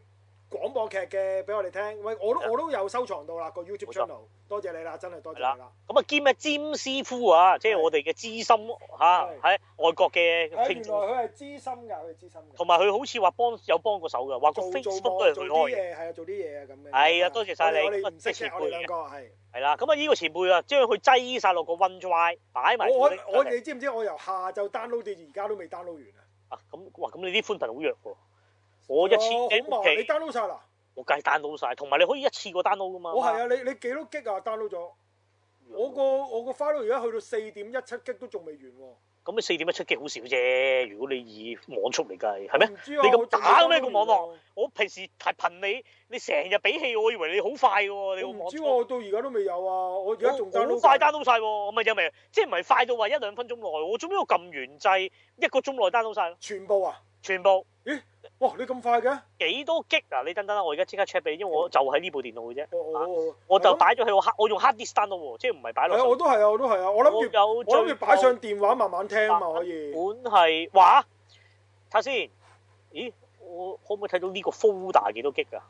廣播劇嘅俾我哋聽，喂，我都我都有收藏到啦個 YouTube channel，多謝你啦，真係多謝你啦。咁啊兼啊詹師傅啊，即係我哋嘅資深嚇喺外國嘅。原來佢係資深㗎，佢係資深。同埋佢好似話幫有幫過手㗎，話個 Facebook 都係佢開。做做啲嘢啊，做啲嘢啊咁嘅。係啊，多謝晒你，即係前輩的。我哋兩個係。係啦，咁啊呢個前輩啊，將佢擠晒落個 OneDrive 擺埋。我我哋你知唔知我由下晝 download 到而家都未 download 完啊？啊咁，哇！咁你啲寬頻好弱喎、啊。我一次 G、哦 OK，你 download 晒啦？我梗係 download 晒，同埋你可以一次過 download 㗎嘛？我、哦、係啊，你你幾多 G 啊？download 咗？我個我個 file 而家去到四點一七 G 都仲未完喎、啊。咁你四點一七 G 好少啫，如果你以網速嚟計，係咩、啊？你咁打咩個網絡？我平時係憑你，你成日俾氣我，以為你好快嘅、啊、喎，你個網。我唔知、啊、我到而家都未有啊，我而家仲 d 快 download 晒喎，咪係又咪？即係唔係快到話一兩分鐘內，我做咩要撳完掣一個鐘內 download 晒全部啊？全部，咦，哇！你咁快嘅，幾多激啊？你等等啦，我而家即刻 check 俾你，因為我就喺呢部電腦嘅啫、啊。我就擺咗喺我黑我用 hard disk 度喎，即係唔係擺落？我都係啊，我都係啊。我諗住有，我諗住擺上電話慢慢聽嘛啊嘛，可以。本係話，睇下先，咦？我可唔可以睇到呢個 folder 幾多激啊？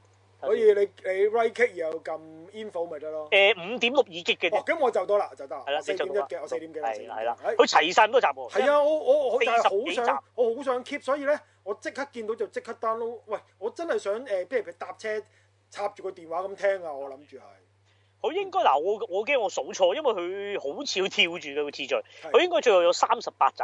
所以你你 right click 然後撳 info 咪得咯。誒，五點六二 G 嘅，咁我就多啦，就得。係啦，四點一 G，我四點幾啦。係啦，佢齊曬咁多集喎。係啊，我我好想我好想 keep，所以咧我即刻見到就即刻 download。喂，我真係想誒，比如搭車插住個電話咁聽啊，我諗住係。佢應該嗱、嗯，我我驚我數錯，因為佢好似要跳住嘅個次序。佢應該最後有三十八集。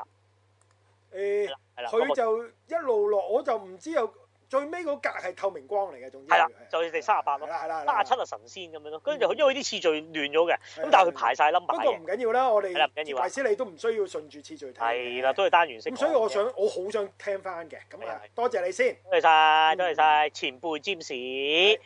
誒，佢就一路落，我就唔知有。最尾嗰格係透明光嚟嘅，總之係啦，就係第三十八咯，係啦，三十七係神仙咁樣咯。跟住佢因為啲次序亂咗嘅，咁但係佢排晒粒埋嘅。不過唔緊要啦，我哋，係啦，大師你都唔需要順住次序睇，係啦，都係單元性。咁所以我想，我好想聽翻嘅，咁啊，多謝你先。多謝晒，多謝晒、嗯，前輩占士。James。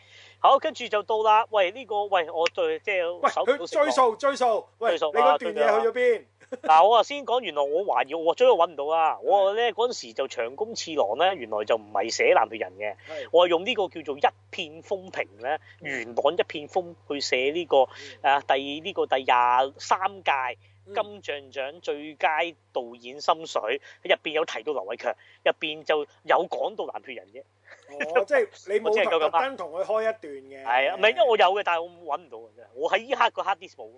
好，跟住就到啦。喂，呢、呢個喂，我對即係，喂，數，追數追數，喂，啊、你段嘢去咗邊？嗱、 啊，我啊先講，原來我還要我終於揾唔到啊！我咧嗰陣時就長弓次郎咧，原來就唔係寫《藍血人》嘅，我係用呢個叫做一片風平」咧，元朗一片風去寫呢、呢個啊呢個第第呢個第廿三屆金像獎最佳導演心水，入、嗯、邊有提到劉偉強，入邊就有講到《藍血人》啫。 哦、即係你冇 特登同佢開一段嘅。係啊，唔係、啊啊、因為我有嘅，但係我揾唔到啊！真係，我喺依刻個 hard disk 冇。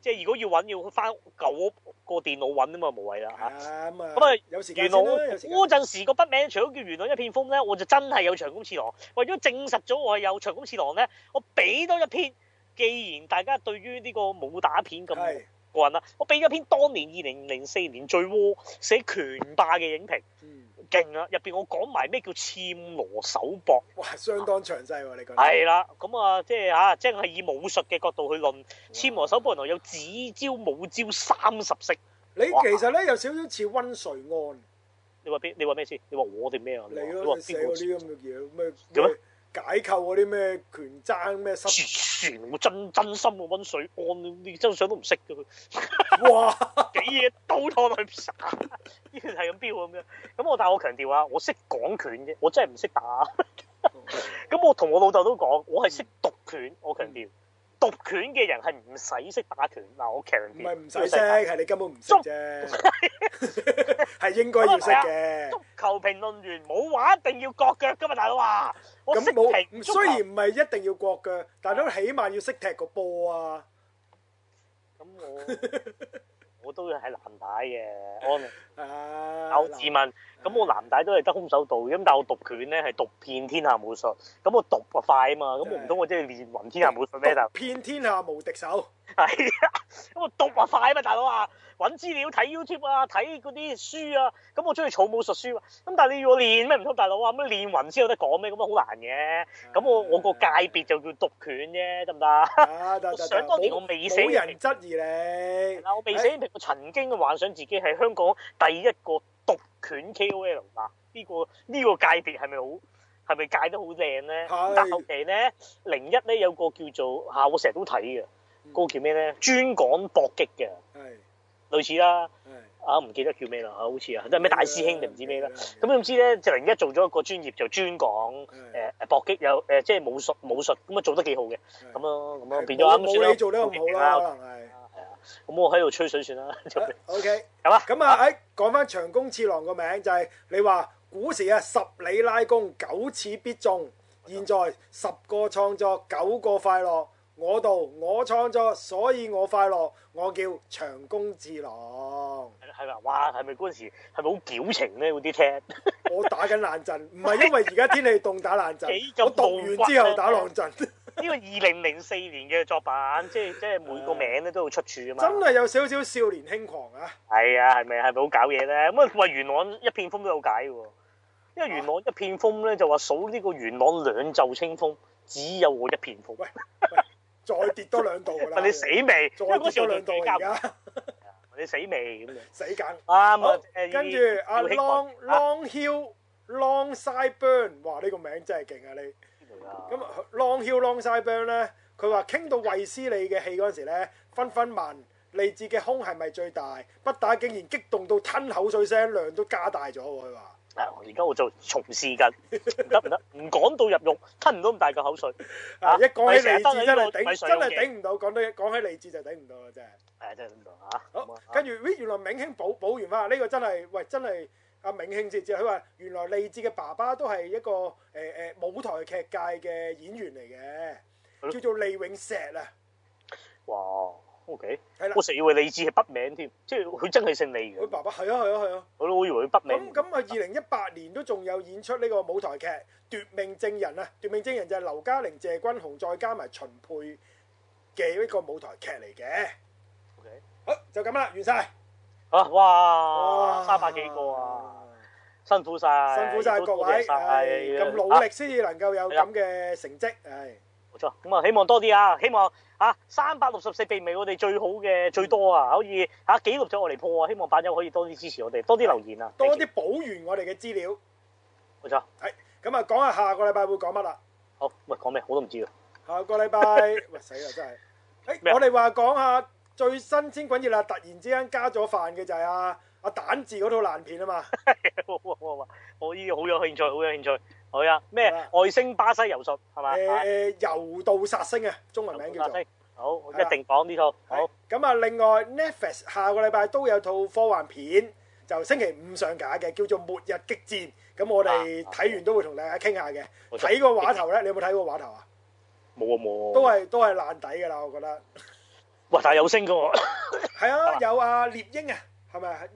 即係如果要揾，要翻舊個電腦揾啊嘛，無謂啦嚇。啱、嗯、啊。咁啊，元朗嗰陣時個、啊、筆名除咗叫元朗一片風咧，我就真係有長弓次郎。為咗證實咗我係有長弓次郎咧，我俾多一篇。既然大家對於呢個武打片咁過癮啦，我俾咗篇當年二零零四年最窩寫拳霸嘅影評。嗯嗯入、啊、面我講埋咩叫千魔手搏，哇相當詳細喎、啊啊！你講係啦，咁啊即係啊，即係、啊、以武術嘅角度去論千魔手搏，原來有指招武招三十式，你其實咧有少少似温瑞安。你話邊？你話咩先？你話我哋咩啊？你話寫嗰啲咁嘅嘢咩咩？解構嗰啲咩權爭咩，真真心啊揾水按你真相都唔識㗎。佢。哇！幾嘢刀拖落去，呢然係咁標咁樣。咁我但係我強調啊，我識講拳啫，我真係唔識打。咁 我同我老豆都講，我係識讀拳，我強調。嗯 獨拳嘅人係唔使識打拳，嗱我強調。唔係唔使識，係你根本唔識啫。係應該要識嘅。足球評論員冇話一定要割腳噶嘛，大佬呀。咁冇。雖然唔係一定要割腳，但係都起碼要識踢個波啊。咁我我都要係難打嘅，安。Uh, 我自問，咁、uh, uh, 我男大都係得空手道嘅，咁但係我讀拳呢係讀遍天下武術，咁我讀啊快啊嘛，咁、uh, 我唔通我即係練雲天下武術咩？讀、uh, 遍天下無敵手，係啊，咁我讀啊快啊嘛，大佬啊，揾資料睇 YouTube 啊，睇嗰啲書啊，咁我中意儲武術書啊，咁但係你要我練咩？唔通大佬啊，咁練雲先有得講咩？咁啊好難嘅，咁、uh, uh, 我我個界別就叫讀拳啫，得唔得？Uh, 我想當年我未死、uh, okay, okay, okay, 冇人質疑你。嗱、uh, 我未死、uh, 呃，我曾經幻想自己喺香港。第一個獨拳 K O L 嗱、啊，呢、呢個呢、呢個界別係咪好係咪界得好靚咧？但後期咧零一咧有個叫做嚇，我成日都睇嘅，個叫咩咧？專講搏擊嘅，係類似啦，啊唔記得叫咩啦好似啊，即係咩大師兄定唔知咩啦？咁點知咧就零一做咗一個專業，就專講誒搏擊有、呃、即係武術武術咁啊做得幾好嘅咁咯咁變咗啱先做得好啦，咁我喺度吹水算啦。OK，係嘛？咁啊，喺講翻長弓次郎個名就係、是、你話古時啊十里拉弓九次必中，現在十個創作九個快樂，我度我創作所以我快樂，我叫長弓次郎。係咪啊？哇！係咪嗰陣時係咪好矯情咧？嗰啲聽我打緊冷震，唔係因為而家天氣凍打冷震， 我讀完之後打冷震。 呢、個二零零四年嘅作品，即係即係每個名咧都有出處啊嘛！真係有少少少年輕狂啊！係啊，係咪啊，係咪好搞嘢咧？咁啊，喂，元朗一片風都有解喎。因為元朗一片風咧，就話數呢個元朗兩袖清風，只有我一片風。再跌多兩度 問你死未？再跌多兩度而家 你死未咁樣、啊？死緊。啱啊！跟住阿 Long Long Hill Long Side Burn，哇！呢、個名真係勁啊你。咁浪笑浪曬病咧，佢話傾到衛斯理嘅戲嗰陣時咧，紛紛問利智嘅胸係咪最大？不打竟然激動到吞口水聲量都加大咗喎，佢話。我而家我就重試緊，唔得唔得，唔講到入肉， 吞唔到咁大嘅口水。啊！一講起利智真係頂，真係頂唔到，到。講到講起利智就頂唔到啦，真係。誒真係頂唔到嚇、啊。好，跟、啊、住，咦？原來銘兄補補完話呢、呢個真係，喂真係。阿銘慶姐姐，佢話原來利智嘅爸爸都係一個誒誒舞台劇界嘅演員嚟嘅，叫做利永石啊！哇，O K，我成日以為利智係筆名添，即係佢真係姓利嘅。佢爸爸係啊係啊係啊！我都以為佢筆名。咁咁啊！二零一八年都仲有演出呢個舞台劇《奪命證人》啊，《奪命證人》就係劉嘉玲、謝君豪再加埋秦沛嘅一個舞台劇嚟嘅。O K，好就咁啦，完曬。啊哇！哇，三百幾個啊，辛苦晒，辛苦晒各位，咁努力先至能夠有咁嘅成績，係冇錯。咁啊，希望多啲啊，希望啊，三百六十四並未我哋最好嘅，嗯，最多啊，可以啊，紀錄咗我哋破啊，希望版友可以多啲支持我哋，多啲留言啊，多啲補完我哋嘅資料，冇錯。係咁啊，講下下個禮拜會講乜啦？好，喂，講咩？我都唔知啊。下個禮拜，喂 哎，死啦，真係。誒，我哋話講下。最新鮮滾熱啦！突然之間加咗飯嘅就係阿阿蛋治嗰套爛片啊嘛！ 我我依家好有興趣，好有興趣，好啊！咩外星巴西游術係嘛？誒誒，遊、呃、道殺星啊！中文名叫做星好，我一定講呢套好。咁啊，另外 Netflix 下個禮拜都有一套科幻片，就星期五上架嘅，叫做《末日激戰》。咁、啊、我哋睇完都會同大家傾下嘅。睇個話頭咧，你有冇睇過話頭冇啊？冇啊冇。都係都係爛底嘅啦，我覺得。哇！大有聲嘅喎，係 啊，啊，有啊，獵鷹啊，係咪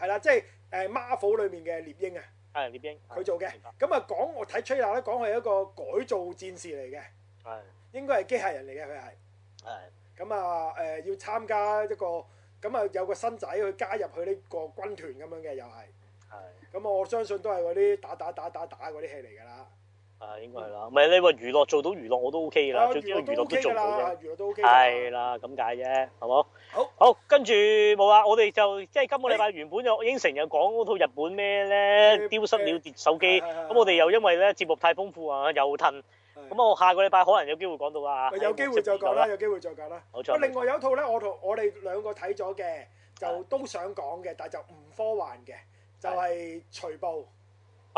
係啦，即係誒《Marvel》裏面嘅獵鷹啊，係獵鷹佢做嘅。咁啊，講我睇《Trailer》咧，講係一個改造戰士嚟嘅，係應該係機械人嚟嘅佢係，係咁啊誒、呃，要參加一個咁啊有個新仔去加入佢呢個軍團咁樣嘅又係，係咁我相信都係嗰啲打打打打打嗰啲戲嚟㗎啦。啊，應該係啦，唔、嗯、係你話娛樂做到娛樂我都 O K 啦，最緊要娛樂都做到啦，娛樂都 O K 啦，係啦咁解啫，好冇。好，好，跟住冇啦，我哋就即係今個禮拜原本就應承又講嗰套日本咩咧、欸，丟失了手機，咁、欸欸欸、我哋又因為咧節目太豐富啊，又吞。咁、欸、我下個禮拜可能有機會講到啦，有機會再講啦，有機會再講啦。冇錯。不過另外有一套咧，我同我哋兩個睇咗嘅，就都想講嘅，但就唔科幻嘅，就係、是、隨報。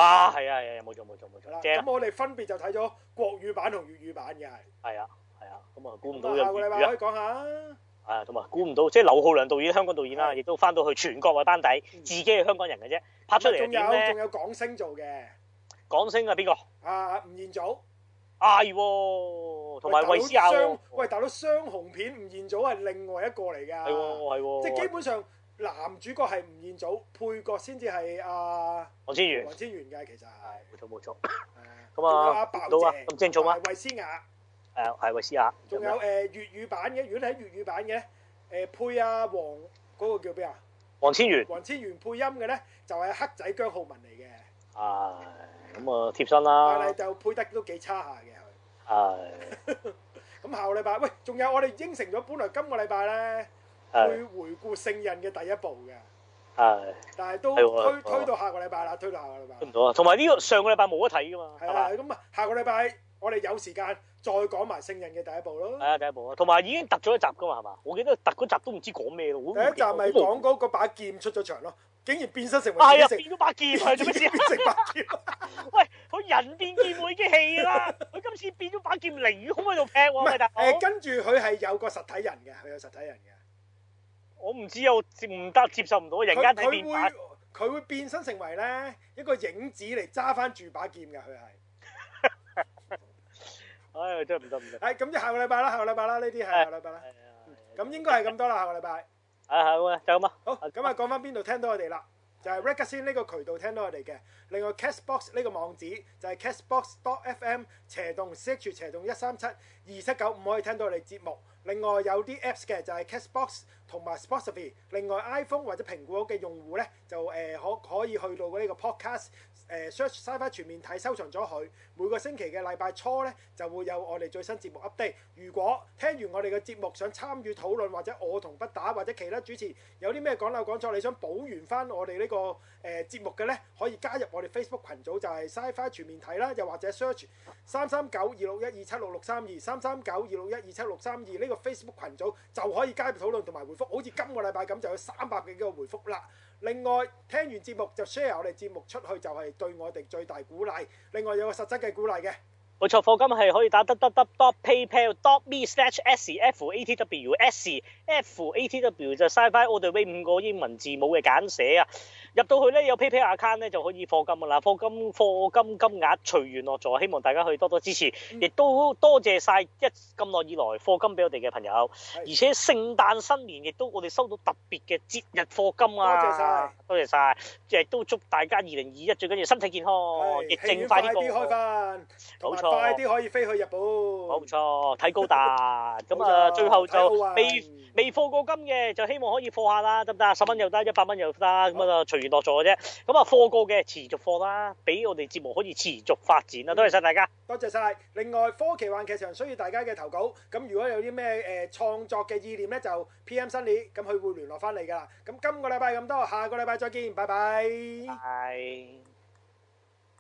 啊，係啊，係啊，冇錯，冇錯，冇錯啦。咁我哋分別就睇咗國語版同粵語版嘅。係啊，係啊。咁啊，估唔到又。下個禮拜可以講下係啊，同埋估唔到，即係劉浩良導演，香港導演啦，亦、啊、都翻到去全國嘅班底，嗯、自己係香港人嘅啫。拍出嚟嘅片咧，仲有仲有港星做嘅。港星啊，邊個？啊，吳彥祖。係、哎、喎，同埋衛詩雅喎。喂，大佬雙紅片，吳彥祖係另外一個嚟噶。係、哎、喎，係、哎、喎。即係基本上。哎男主角係吳彥祖，配角先至係阿王千源，王、哦、千源嘅其實係冇錯冇錯。咁啊，白啊，咁清楚嗎？維、啊、斯雅，誒係維斯雅。仲有誒粵語版嘅，如果你喺粵語版嘅誒、呃、配阿黃嗰個叫咩？啊？王千源，王千源配音嘅咧就係、是、黑仔姜浩文嚟嘅。係、哎，咁、嗯、啊貼身啦。但、啊、係就配得都幾差下嘅佢。係、哎。咁、 嗯、下個禮拜，喂，仲有我哋應承咗，本來今個禮拜咧。會回顧聖印嘅第一部嘅，係，但係都推推到下個禮拜啦，推到下個禮拜。唔到啊，同埋呢個上個禮拜冇得睇噶嘛，係啦，咁啊下個禮拜我哋有時間再講埋聖印嘅第一部咯。係啊，第一部啊，同埋已經突咗一集噶嘛，係嘛？我記得突嗰集都唔知講咩咯，第一集咪講嗰個把劍出咗場咯，竟然變身成為，係啊，變咗把劍啊！做乜事？變成把劍？喂，佢人變劍已經氣啦，佢今次變咗把劍，離魚孔喺度劈我啊！大佬，誒，跟住佢係有個實體人嘅，佢有實體人嘅。我唔知啊，我接唔得，接受唔到。人家睇變佢佢會變身成為咧一個影子嚟揸翻住把劍嘅佢係。唉、 哎，真唔得唔得。哎，咁就下個禮拜啦，下個禮拜啦，呢啲係下個禮拜啦。咁、哎嗯哎、應該係咁多啦，下個禮拜。啊好啊，走、就、嗎、是？好咁啊，講翻邊度聽到我哋啦、哎？就係 Ragazine 呢個渠道聽到我哋嘅、哎，另外 Castbox 呢個網址就係 Castbox.fm 斜洞 ch 斜洞一三七二七九五可以聽到我哋節目。另外有啲 Apps 嘅就係 Castbox。同埋 Spotify，另外 iPhone 或者蘋果嘅用戶咧，就可、呃、可以去到呢個 Podcast。誒 search SciFi 全面睇收藏咗佢，每個星期嘅禮拜初咧就會有我哋最新節目 update。如果聽完我哋嘅節目想參與討論，或者我同不打或者其他主持有啲咩講漏講錯，你想補完翻我哋、這個呃、呢個誒節目嘅咧，可以加入我哋 Facebook 群組，就係、是、SciFi 全面睇啦，又或者 search 三三九二六一二七六六三二三三九二六一二七六六三二呢個 Facebook 群組就可以加入討論同埋回覆。好似今個禮拜咁就有三百幾個回覆啦。另外，聽完節目就 share 我哋節目出去就係、是、對我哋最大鼓勵。另外有個實質嘅鼓勵嘅，冇錯，課金係可以打 dot dot dot paypal dot me slash s f a t w s。FATW 就係 SciFi，我哋俾五個英文字母嘅簡寫啊，入到去咧有 PayPal account 咧就可以課金噶啦，課金課金課金，金額隨緣落座，希望大家可以多多支持，嗯、亦都多謝晒一咁耐以來課金俾我哋嘅朋友，而且聖誕新年亦都我哋收到特別嘅節日課金啊，多謝晒，多謝晒，即亦都祝大家二零二一最緊要身體健康，疫症遠遠快啲過，過，冇錯，快啲可以飛去日本，冇錯，睇高達，咁 啊那就 最後就飛。未課過金嘅就希望可以課下啦，得唔得？十蚊又得，一百蚊又得，咁啊隨緣落咗嘅啫。咁啊課過嘅持續課啦，俾我哋節目可以持續發展啊！多謝曬大家，多謝曬。另外科奇幻劇場需要大家嘅投稿，咁如果有啲咩誒創作嘅意念咧，就 PMSunny，咁佢會聯絡翻你噶啦。咁今個禮拜咁多，下個禮拜再見，拜拜。係。